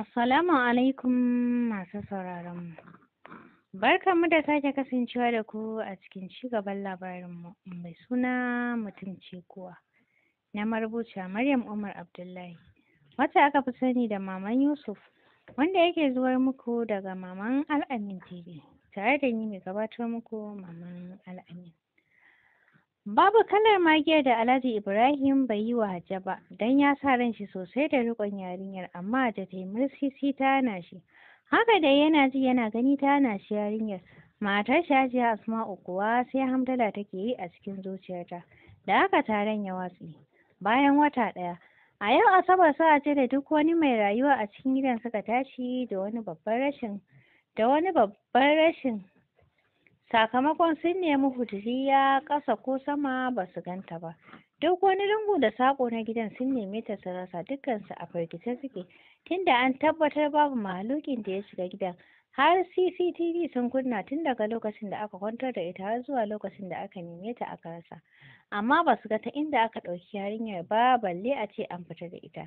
Assalamu alaikum masu sauraron sauraronmu. Barkanmu da sake kasancewa da ku a cikin ci labarin labarinmu mai suna mutum ce kuwa na marubuca, Maryam Umar Abdullahi Wata aka fi sani da Maman Yusuf wanda yake zuwar muku daga Maman Al'amin TV tare da ni mai gabatar muku Maman Al'amin. Babu kalar magiyar da Alhaji Ibrahim bai yi wa Hajja ba, don ya sa ran shi sosai da riƙon yarinyar, amma da ta yi ta hana shi. Haka da yana ji yana gani ta hana shi yarinyar. Matar shi Hajiya Asma'u kuwa sai hamdala take yi a cikin zuciyarta. Da haka taron ya watsi. Bayan wata ɗaya, a yau Asabar sa ce da duk wani mai rayuwa a cikin gidan suka tashi da wani babban rashin da wani babban rashin sakamakon sun nemi hudiriya ƙasa ko sama ba su ganta ba duk wani lungu da saƙo na gidan sun neme ta su rasa dukkansu a firgice suke tunda an tabbatar babu mahalukin da ya shiga gidan har CCTV sun kunna tun daga lokacin da aka kwantar da ita har zuwa lokacin da aka neme ta aka rasa amma ba su ga ta inda aka ɗauki yarinyar ba balle a ce an fita da ita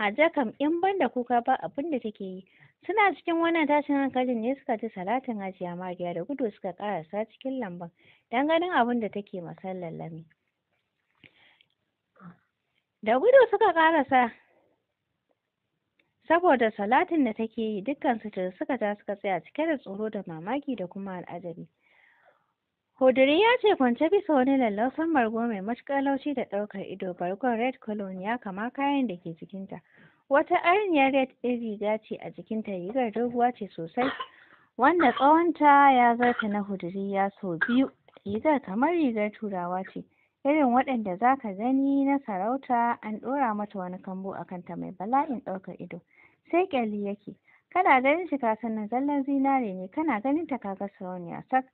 hajja kam in ban da kuka ba abin da take yi suna cikin wannan tashin hankalin ne suka ci salatin hajiya magiya da gudu suka karasa cikin lambun don ganin abin da take lami da gudu suka karasa saboda salatin da take yi dukkan su da suka ja suka tsaya cike da tsoro da mamaki da kuma al'ajabi Hodiri ya ce kwance bisa wani lallausan bargo mai matuƙar laushi da ɗaukar ido bargon red cologne ya kama kayan da ke jikinta wata arniyar red ɗin riga ce a jikinta rigar doguwa ce sosai wanda tsawonta ya zarta na hudiri ya sau biyu rigar kamar rigar turawa ce irin waɗanda za ka gani na sarauta an ɗora mata wani kambo a kanta mai bala'in ɗaukar ido sai ƙyalli yake kana ganin shi ka san zallan zinare ne kana ganin ta kaga sarauniya sak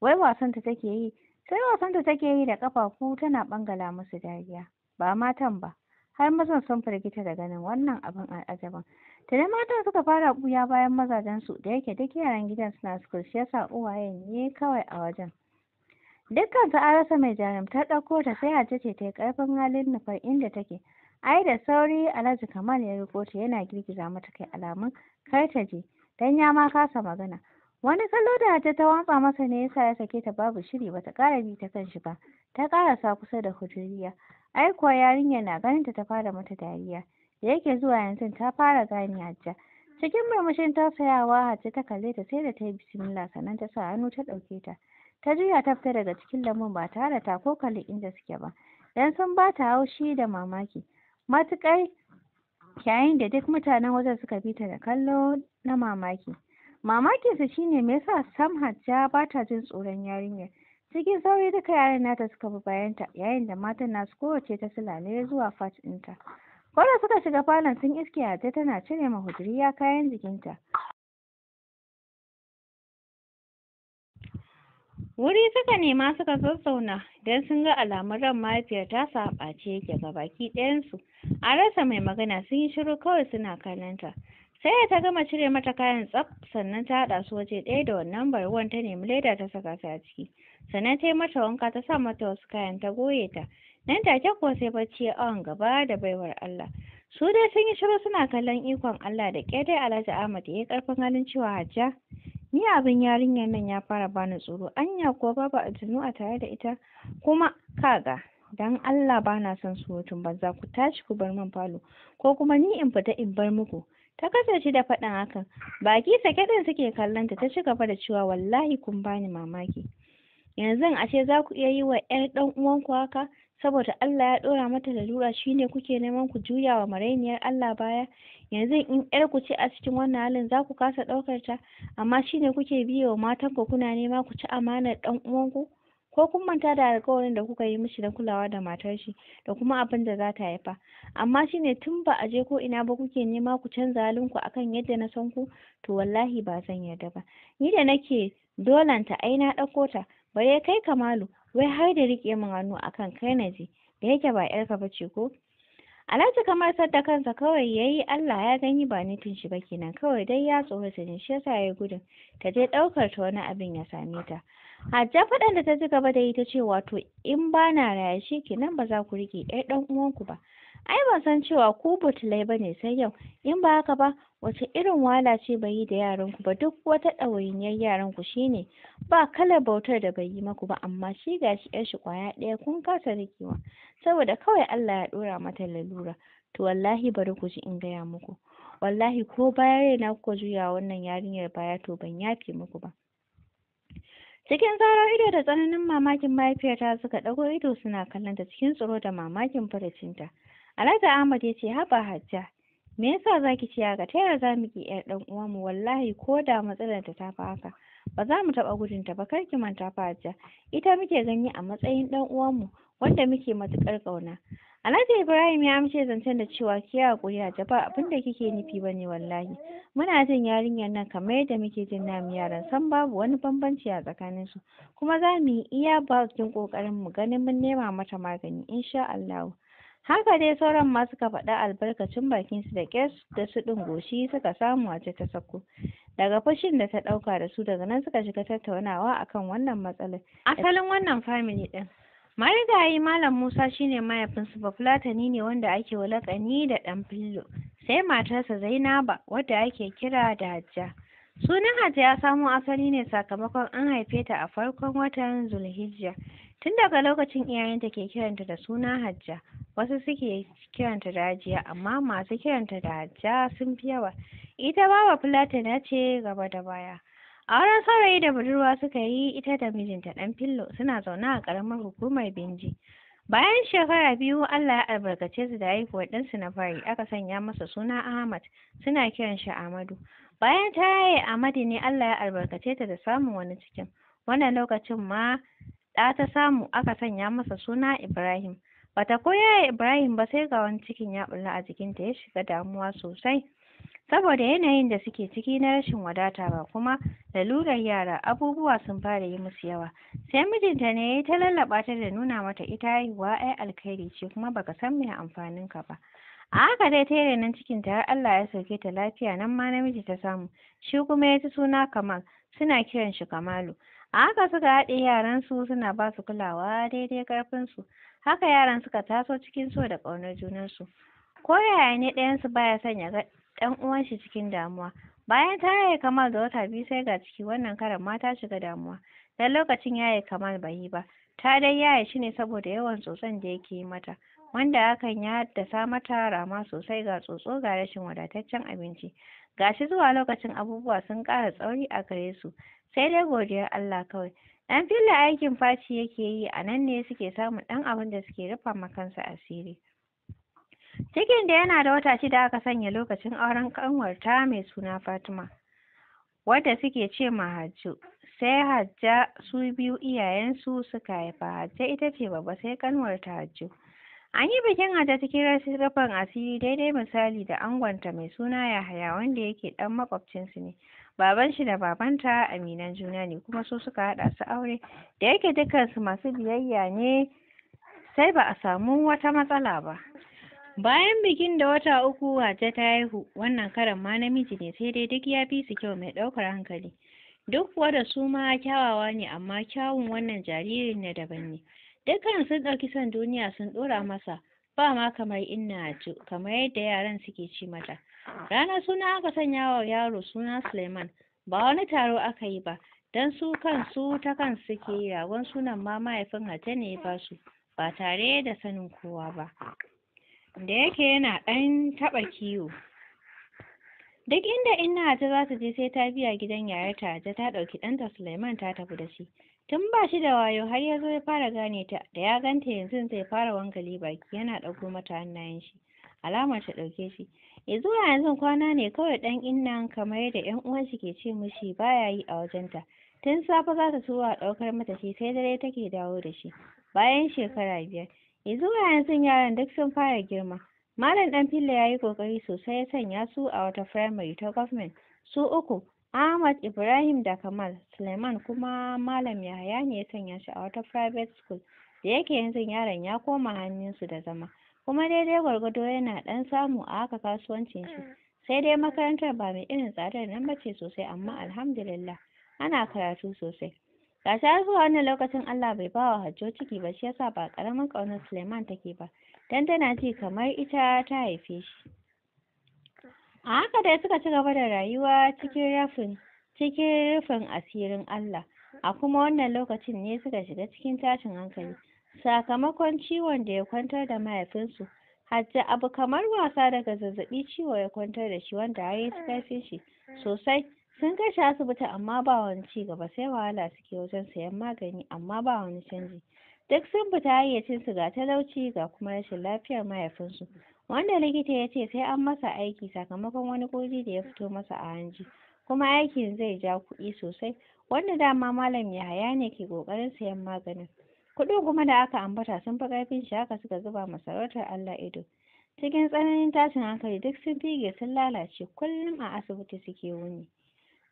wai wasan ta take yi sai wasan ta take yi da ƙafafu tana bangala musu dariya ba matan ba har mazan sun firgita da ganin wannan abin al'ajaban da matan suka fara buya bayan mazajen su da yake duk yaran gidan suna su kurshe sa uwaye ne kawai a wajen dukkan ta an rasa mai jarumtar ɗauko ta sai hajji ce ta yi ƙarfin halin nufar inda take ai da sauri alhaji kamal ya riko ta yana girgiza mata kai alamun kar ta je dan ya ma kasa magana wani kallo da ta ta watsa masa ne yasa ya sake ta babu shiri bata kara bi ta kan shi ba ta sa kusa da hujuriya ai kuwa yarinyar na ganin ta ta fara mata dariya da yake zuwa yanzu ta fara gane hajja cikin murmushin tausayawa hajji ta kalle ta sai da ta yi bismillah sannan ta sa hannu ta ɗauke ta ta juya ta fita daga cikin lamun ba tare ta ko kalli inda suke ba dan sun ba ta haushi da mamaki matuƙar yayin da duk mutanen wajen suka bi ta da kallo na mamaki mamakinsa shine me yasa sam hajja ba ta jin tsoron yarinyar cikin sauri duka yaran nata suka bi bayanta yayin da matan nasu kowace ta sulale zuwa fat ɗinta ko suka shiga falon sun iske hajja tana cire ma kayan jikinta wuri suka nema suka sassauna don sun ga alamun ran mahaifiyar ta saɓace yake ga baki ɗayansu a rasa mai magana sun yi shiru kawai suna kallonta sai da ta gama cire mata kayan tsaf sannan ta haɗa su waje ɗaya da wannan wan ta nemi leda ta saka ta ciki sannan ta yi mata wanka ta sa mata wasu kayan ta goye ta nan take kuwa sai bacci ya awon gaba da baiwar Allah su dai sun yi shiru suna kallon ikon Allah da ƙyar dai Alhaji Ahmad ya yi ƙarfin halin cewa Hajja Ni abin yarinyar nan ya fara bani tsoro, anya ko babu aljanu a tare da ita, kuma kaga dan Allah bana son surutun banza ku tashi ku bar man falo ko kuma ni in fita in bar muku. ta kasance da faɗin hakan baki sake ɗin suke kallon ta ta ci gaba da cewa wallahi kun bani mamaki yanzu ashe za ku iya yi wa ƴar ɗan uwanku haka saboda Allah ya ɗora mata da lalura shine kuke neman ku juya wa marainiyar Allah baya yanzu in yar ku ce a cikin wannan halin za ku kasa ɗaukar ta amma shine kuke biye wa matan ku kuna nema ku ci amanar ɗan uwanku ko kun manta da alƙawarin da kuka yi mishi na kulawa da matar shi da kuma abin da za ta haifa amma shine tun ba a je ko ina ba kuke nema ku canza halinku akan yadda na san ku to wallahi ba zan yarda ba ni da nake dolanta ai na ɗauko ta bare kai kamalu wai har da riƙe min hannu akan kai na je da yake ba yarka ba ce ko Alhaji kamar sadda kansa kawai yayi Allah ya gani ba tun shi ba kenan kawai dai ya tsorata ne shi yasa yayi gudun ta je ɗaukar ta wani abin ya same ta Hajja faɗan da ta ci gaba da yi ta ce wato in bana na raya shi kenan ba za ku riƙe ɗaya ɗan uwanku ba ai ba san cewa ku butulai ba ne sai yau in ba haka ba wace irin wahala ce bai yi da yaranku ba duk wata ɗawainiyar yaranku ku shine ba kalar bautar da bai yi maku ba amma shi gashi yar shi kwaya ɗaya kun kasa rikewa saboda kawai Allah ya ɗora mata lalura to wallahi bari ku ji in gaya muku wallahi ko bayan yana kuka juya wannan yarinyar baya to ban yafe muku ba cikin zarar ido da tsananin mamakin mahaifiyata suka ɗago ido suna kallon ta cikin tsoro da mamakin faracinta Alhaji Ahmad ya ce haba hajja me yasa zaki ce ga ta yaya zamu ki yar dan mu wallahi ko da matsalar ta tafi haka ba za mu taɓa gudun ta ba kar ki manta fa hajja ita muke gani a matsayin dan uwanmu wanda muke matukar kauna Alhaji Ibrahim ya amshe zancen da cewa ki hakuri hajja ba abin da kike nufi bane wallahi muna jin yarinyar nan kamar yadda muke jin namu yaran san babu wani bambanci a tsakanin su kuma za mu yi iya bakin kokarin mu ganin mun nema mata magani insha Allah haka dai sauran ma suka faɗa albarkacin bakin su da kes da su ɗin goshi suka samu a ta sako daga fushin da ta ɗauka da su daga nan suka shiga tattaunawa akan wannan matsalar asalin wannan family ɗin marigayi malam musa shine mahaifinsu fulatani ne wanda ake walakani da ɗan fillo sai matarsa zainaba wadda ake kira da hajja sunan hajja ya samo asali ne sakamakon an haife ta a farkon watan zulhijja Tun daga lokacin iyayenta ke kiranta da suna Hajja, wasu suke kiranta da Hajiya amma masu kiranta da Hajja sun fi yawa. Ita baba fulatana ce gaba da baya. A wurin saurayi da budurwa suka yi ita da mijinta ɗan fillo suna zaune a ƙaramar hukumar Benji. Bayan shekara biyu Allah ya albarkace su da haihuwar ɗansu na fari aka sanya masa suna Ahmad suna kiran shi Amadu. Bayan ta yaye Amadu ne Allah ya albarkace ta da samun wani cikin. Wannan lokacin ma ɗa ta samu aka sanya masa suna Ibrahim. Bata koya Ibrahim ba sai ga wani cikin ya ɓulla a jikinta ya shiga damuwa sosai. Saboda yanayin da suke ciki na rashin wadata ba kuma lalurar yara abubuwa sun fara yi musu yawa. Sai mijinta ne ya yi ta lallaɓa ta da nuna mata ita haihuwa ai alkhairi ce kuma baka san me amfanin ka ba. A haka dai ta yi nan cikinta har Allah ya sauke ta lafiya nan ma namiji ta samu. Shi kuma ya ci suna Kamal suna kiran shi Kamalu. a haka suka haɗe yaran su suna ba su kulawa daidai ƙarfin su haka yaran suka taso cikin so da ƙaunar junan su ko yaya ne ɗayan su baya son ya ga ɗan uwan shi cikin damuwa bayan ta yaye kamal da wata biyu sai ga ciki wannan karan ma ta shiga damuwa dan lokacin yaye kamal bai yi ba ta dai yaye shi ne saboda yawan tsotson da yake yi mata wanda hakan ya haddasa mata rama sosai ga tsotso ga rashin wadataccen abinci Ga shi zuwa lokacin abubuwa sun ƙara tsauri a gare su sai dai godiyar Allah kawai dan filla aikin faci yake yi a nan ne suke samun dan abin da suke rufa ma kansu asiri cikin da yana da wata shida aka sanya lokacin auren kanwarta mai suna Fatima wadda suke ce ma Hajju sai Hajja su biyu iyayensu suka haifa Hajja ita ce babba sai kanwarta Hajju An yi bikin Hajja cikin rufin asiri daidai misali da angonta mai suna Yahaya wanda yake ɗan makwabcinsu ne. baban shi da babanta aminan juna ne kuma su suka haɗa su aure da yake dukansu masu biyayya ne sai ba a samu wata matsala ba bayan bikin da wata uku waje ta haihu wannan karan ma namiji ne sai dai duk ya fi su kyau mai ɗaukar hankali duk kuwa su ma kyawawa ne amma kyawun wannan jaririn na daban ne dukkan sun ɗauki son duniya sun ɗora masa ba ma kamar inna kamar yadda yaran suke ci mata Ranar suna aka sanya wa yaro suna Suleiman, ba wani taro aka yi ba, don su kansu ta kan suke yi ragon sunan ma mahaifin Hajja ne ba su, ba tare da sanin kowa ba. Da yake yana ɗan taɓa kiwo. Duk inda inna ta za ta je sai ta biya gidan yayarta ta ta ɗauki ɗanta Suleiman ta tafi da shi. tun ba shi da wayo har ya zo ya fara gane ta da ya ganta yanzu zai fara wangali baki yana ɗauko mata hannayen shi alamar ta ɗauke shi ya yanzu kwana ne kawai ɗan innan kamar yadda yan uwan shi ke ce mishi baya yi a wajenta tun safe za ta a ɗaukar mata shi sai dare take dawo da shi bayan shekara biyar ya zuwa yanzu yaran duk sun fara girma malam ɗan filla ya yi ƙoƙari sosai ya sanya su a wata firamare ta gwamnati su uku Ahmad Ibrahim da Kamal Suleiman kuma Malam Yahaya ne ya sanya shi a wata private school da yake yanzu yaron ya koma hannunsu da zama. kuma daidai gwargwado yana ɗan samu a haka kasuwancin shi ah. sai dai makarantar ba mai irin tsadar nan ba ce sosai amma alhamdulillah ana karatu sosai ga shi zuwa wannan lokacin Allah bai bawa Hajjo ciki ba shi yasa ba karamin ƙaunar Suleiman take ba dan tana ji kamar ita ta haife shi a haka dai suka ci gaba da rayuwa cikin rafin cikin rufin asirin Allah a kuma wannan lokacin ne suka shiga cikin tashin hankali sakamakon ciwon da ya kwantar da mahaifinsu Hajji abu kamar wasa daga zazzaɓi ciwo ya kwantar da shi wanda har yi karfin shi sosai sun kashe asibiti amma ba wani ci gaba sai wahala suke wajen sayan magani amma ba wani canji duk sun fita su ga talauci ga kuma rashin lafiyar mahaifinsu wanda likita ya ce sai an masa aiki sakamakon wani ƙoji da ya fito masa a hanji kuma aikin zai ja kuɗi sosai wanda dama malam yahaya ne ke ƙoƙarin sayan maganin kuɗin kuma da aka ambata sun fi ƙarfin shi haka suka zuba masarautar Allah ido cikin tsananin tashin hankali duk sun fige sun lalace kullum a asibiti suke wuni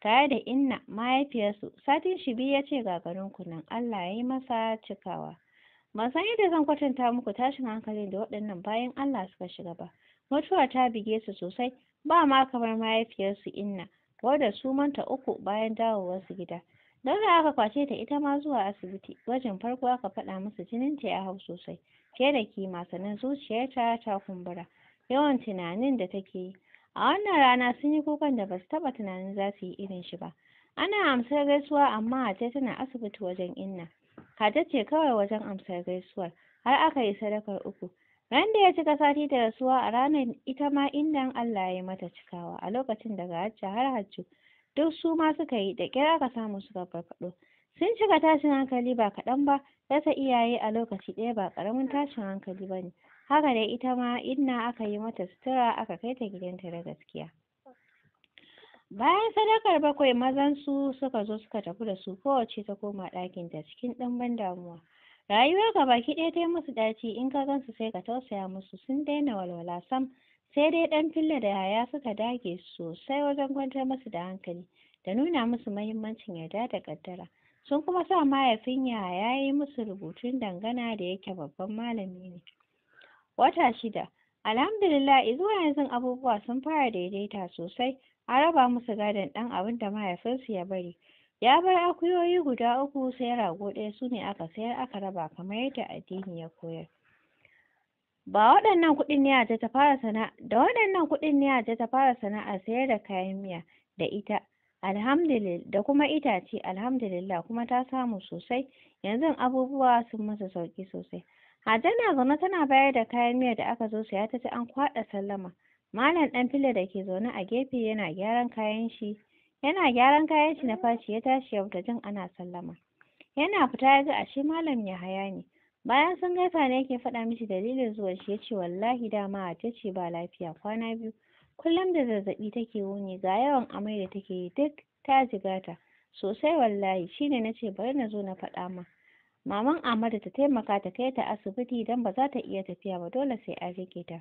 tare da inna mahaifiyarsu satin shi biyu ya ce gagarin kunan Allah ya yi masa cikawa ban san yadda zan kwatanta muku tashin hankalin da waɗannan bayan Allah suka shiga ba mutuwa ta bige su sosai ba ma kamar mahaifiyarsu inna wadda su manta uku bayan dawowarsu gida da aka kwace ta ita ma zuwa asibiti. Gwajin farko aka faɗa musu jininta ya hau sosai, fiye da kima sannan zuciyarta ta kumbura. Yawan tunanin da take yi. A wannan rana sun yi kukan da ba su taɓa tunanin za su yi irin shi ba. Ana amsar gaisuwa amma a Hajja tana asibiti wajen Inna. Hajja ce kawai wajen amsar gaisuwar, har aka yi sadakar uku. Ran da ya cika sati da rasuwa a ranar ita ma inda Allah ya yi mata cikawa a lokacin daga Hajja har Hajju. duk su ma suka yi da kira ka samu suka farfaɗo sun shiga tashin hankali ba kaɗan ba rasa iyaye a lokaci ɗaya ba ƙaramin tashin hankali ba ne haka dai ita ma inna aka yi mata sutura aka kai ta gidanta da gaskiya bayan sadakar bakwai mazan su suka zo suka tafi da su kowace ta koma ɗakin, ɗakinta cikin ɗan ban damuwa rayuwar ga baki ɗaya ta yi musu ɗaci in ka gansu sai ka tausaya musu sun daina walwala sam sai dai ɗan filla da yaya suka dage sosai wajen kwantar musu da hankali da nuna musu mahimmancin yarda da ƙaddara sun kuma sa mahaifin yaya ya yi musu rubutun dangana da yake babban malami ne wata shida alhamdulillah zuwa yanzu abubuwa sun fara daidaita sosai a raba musu gadon ɗan abin da mahaifinsu ya bari ya bar akuyoyi guda uku sai rago ɗaya su ne aka sayar aka raba kamar yadda addini ya koyar ba waɗannan kuɗin ne ta fara sana'a da waɗannan kuɗin ne aje ta fara sana'a sayar da kayan miya da ita alhamdulillah da kuma itace alhamdulillah kuma ta samu sosai yanzu abubuwa sun masa sauki sosai Hajja na zaune tana bayar da kayan miya da aka zo saya ta ci an kwaɗa sallama Malam ɗan fila da ke zaune a gefe yana gyaran kayan shi yana gyaran kayan shi na fashi ya tashi ya fita jin ana sallama yana fita ya ga ashe malam Yahaya ne bayan sun gaisa ne yake faɗa mishi dalilin zuwa shi yace wallahi dama ta ce ba lafiya kwana biyu kullum da zazzaɓi take wuni ga yawan amai da take yi duk ta jigata sosai wallahi shine nace bari na zo na faɗa ma maman Amadu ta taimaka ta kai ta asibiti idan ba za ta iya tafiya ba dole sai an rike ta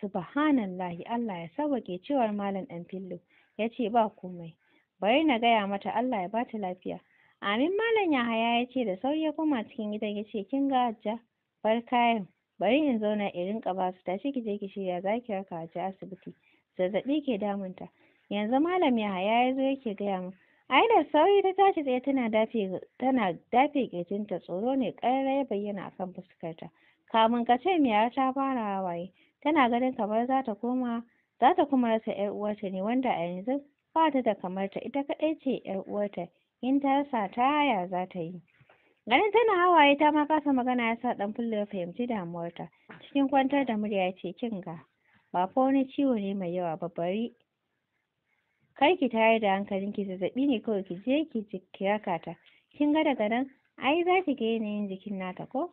subhanallahi Allah ya sauke cewar malam ɗan fillo ya ba komai bari na gaya mata Allah ya bata lafiya Amin Malam Yahaya ya ce da sauri ya koma cikin gida ya ce kin ga Hajja bar kayan bari in zauna in rinka ba su tashi ki je ki shirya za ki raka ji asibiti zazzaɓi ke damunta yanzu Malam Yahaya ya zo yake gaya min ai da sauri ta tashi tsaye tana dafe tana dafe kirjinta tsoro ne ƙarara ya bayyana akan fuskarta kamun ka ce miyar ta fara waye. tana ganin kamar za koma za kuma rasa 'yar uwarta ne wanda a yanzu ba ta da kamar ta ita kaɗai ce 'yar uwarta in ta rasa ta yaya za ta yi ganin tana hawaye ta ma kasa magana ya sa dan fulla ya fahimci damuwarta cikin kwantar da murya ya ce kin ga ba fa wani ciwo ne mai yawa ba bari kar ki tayar da hankalin ki zazzabi ne kawai ki je ki kira ta kin ga daga nan ai za ki ga yanayin jikin nata ko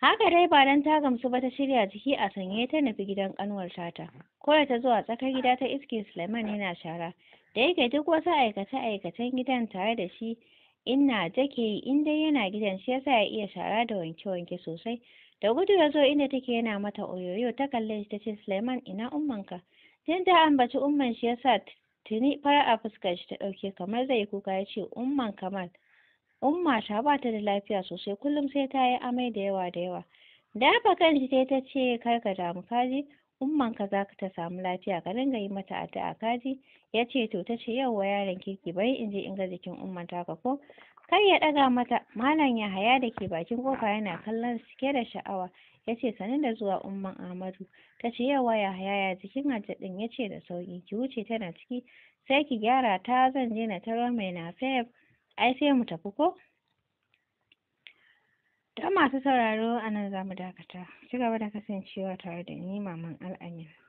Haka dai ba don ta gamsu ba ta shirya jiki a sanye ta nufi gidan kanwar tata. Ko ta zuwa tsakar gida ta iske Suleiman yana shara. Da yake duk wasu aikace-aikacen gidan tare da shi inna take yi in dai yana gidan shi yasa ya iya shara da wanke-wanke sosai. Da gudu ya zo inda take yana mata oyoyo ta kalle shi ta ce Suleiman ina ummanka. Jin ta ambaci umman shi yasa tuni fara a fuskar shi ta ɗauke kamar zai kuka ya ce umman kamar. umma ba ta da lafiya sosai kullum sai ta yi amai da yawa da yawa dafa kanshi sai ta ce kar ka damu kaji umman ka za ta samu lafiya ka dinga yi mata addu'a kaji ya ce to ta ce yauwa yaron kirki bari in je in ga jikin umman ka ko kar ya daga mata malam yahaya da ke bakin kofa yana kallon cike da sha'awa ya ce sani da zuwa umman ahmadu ta ce yawa yahaya ya jikin hajji ɗin ya ce da sauki ki wuce tana ciki sai ki gyara ta zan je na taro mai na ai sai mu tafi ko don masu sauraro a nan za mu dakata ci gaba da kasancewa tare da ni maman al'amin